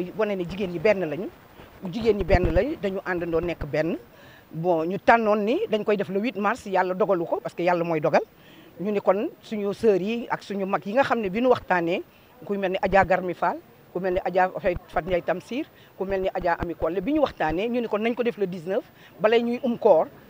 mooy wane ne jigéen ñi benn lañu jigéen ñi benn lañu dañu àndandoo nekk benn bon ñu tànnoon ni dañ koy def le huit mars yàlla dogalu ko parce que yàlla mooy dogal ñu ni kon suñu sœurs yi ak suñu mag yi nga xam ne bi nu waxtaanee ku mel ni Adja Garmi Fall ku mel ni Adja Fat Ndiaye Tamsir ku mel ni Adja Ami Kolle bi ñu waxtaanee ñu ni kon nañ ko def le 19 balay ñuy um koor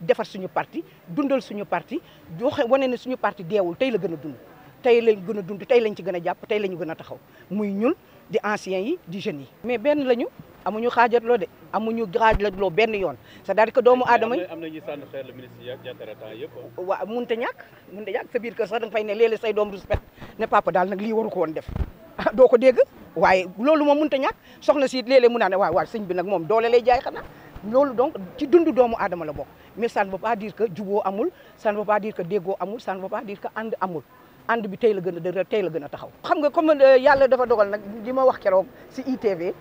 defar suñu parti dundal suñu parti waxe wane ne suñu parti deewul tey la gën a dund tey lañ gën a dund tey lañ ci gën a jàpp tey la ñu gën a taxaw muy ñun di anciens yi di jeunes yi mais benn lañu amuñu xaajatloo de amuñu xaajatloo benn yoon cest à doomu adama yi am na ñu sànni xeer la ministre Diatara temps yëpp ah. waaw a biir kër da nga fay ne léeg say doom respect ne papa daal nag lii waru ko woon def ah, doo ko dégg waaye loolu moom mënut a ñàkk soxna si léeg-léeg mu naa ne waaw waaw sëñ bi nag moom doole lay jaay xanaa loolu donc ci dundu doomu adama la bokk mais ça ne veut pas dire que juboo amul ça ne veut pas dire que déggoo amul ça ne veut pas dire amul ànd bi tey la gën a dëgër tey la gën a taxaw. xam nga comme euh, yàlla dafa dogal nag li ma wax keroog si ITV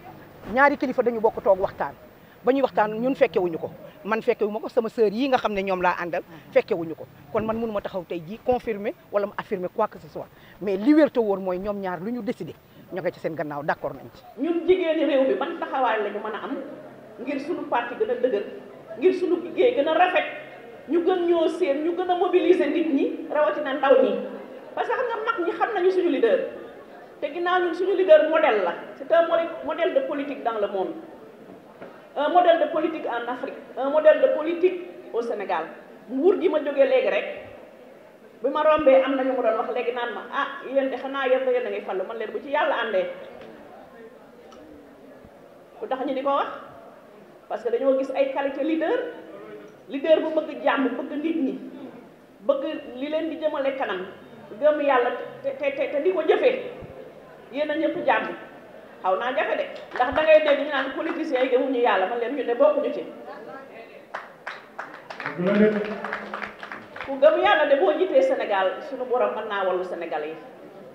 ñaari kilifa dañu bokk toog waxtaan ba ñuy waxtaan ñun fekkewuñu ko man fekkewu ma sama sœur yi nga xam ne ñoom laa àndal fekkewuñu ko kon man mënu ma taxaw tey jii confirmer wala mu affirmer quoi que ce soit mais li wér te wóor mooy ñoom ñaar lu ñu décidé ñoo ngi ci seen gannaaw d'accord nañ ci. ñun jigéeni réew mi ban taxawaay la ñu mën ngir suñu parti gëna a ngir suñu liggéey gëna rafet ñu gën ñoo seen ñu gëna mobiliser nit ñi rawati na ndaw ñi parce que xam nga mag ñi xam nañu suñu leader te ginnaaw ñun suñu leader modèle la c'est un model de politique dans le monde un model de politique en Afrique un model de politique au Sénégal nguur gi ma joggé lég rek bi ma rombé am nañu ko doon wax légui naan ma ah yeen de xana yeen da ngay fallu man leen bu ci yalla andé ko tax ñu diko wax parce que dañoo gis ay qualité leader leader bu bëgg jàmm bëgg nit ñi bëgg li leen di jëmale kanam gëm yàlla te te te di ko jëfee yéen a ñëpp jàmm xaw naa jafe de ndax da ngay dégg ñu naan politiciens yi gëmuñu yàlla man leen ñu ne ñu ci ku gëm yàlla de boo jiitee Sénégal suñu borom mën naa wallu Sénégal yi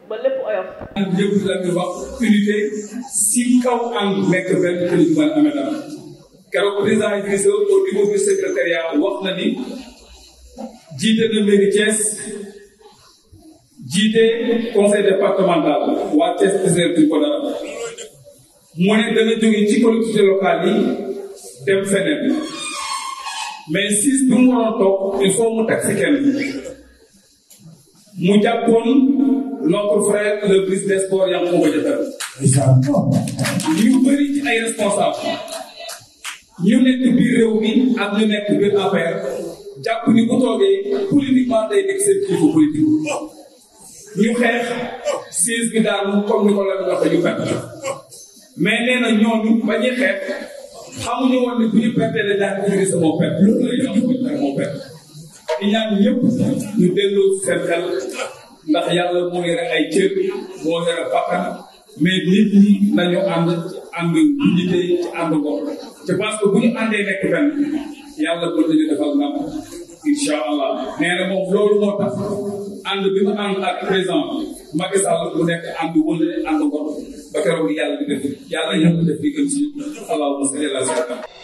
ba lépp oyof. ñëpp la ñu wax unité si kaw ànd nekk benn kër yu mel amee dara. keroog président Idrissa au niveau du secrétariat wax na ni jiite na mairie jiite conseil départemental waa Thiès Désert du mu ne dana jóge ci collectivité locale yi dem feneen mais siis bi mu waroon toog il faut mu taxi mu jàppoon notre frère le ministre des sports Yankhoba Diattara. li mu bëri ay responsable ñu nekk biir réew mi ak ñu nekk biir affaire jàpp ni bu toogee politiquement day nekk seen kilifa politique ñu xeex siis bi daanu comme ni ko la doxee mais nee na ñooñu ba ñuy xeex xamuñu woon ne bu ñu perte la daan Idrissa moo perte loolu la ñu doon moo perte. di ñaan ñëpp ñu delloo seen xel ndax yàlla moo yore ay cër moo yore bakkan mais nit ñi nañu ànd ànd unité ci ànd bopp. je que bu ñu àndee nekk benn yàlla ko ñu defal ndam incha allah nee moom loolu moo tax ànd bi mu ànd ak président Macky Sall bu nekk ànd wële ànd ngor ba keroog yàlla di def yàlla yàlla def di gën ci allahumma salli ala sayyidina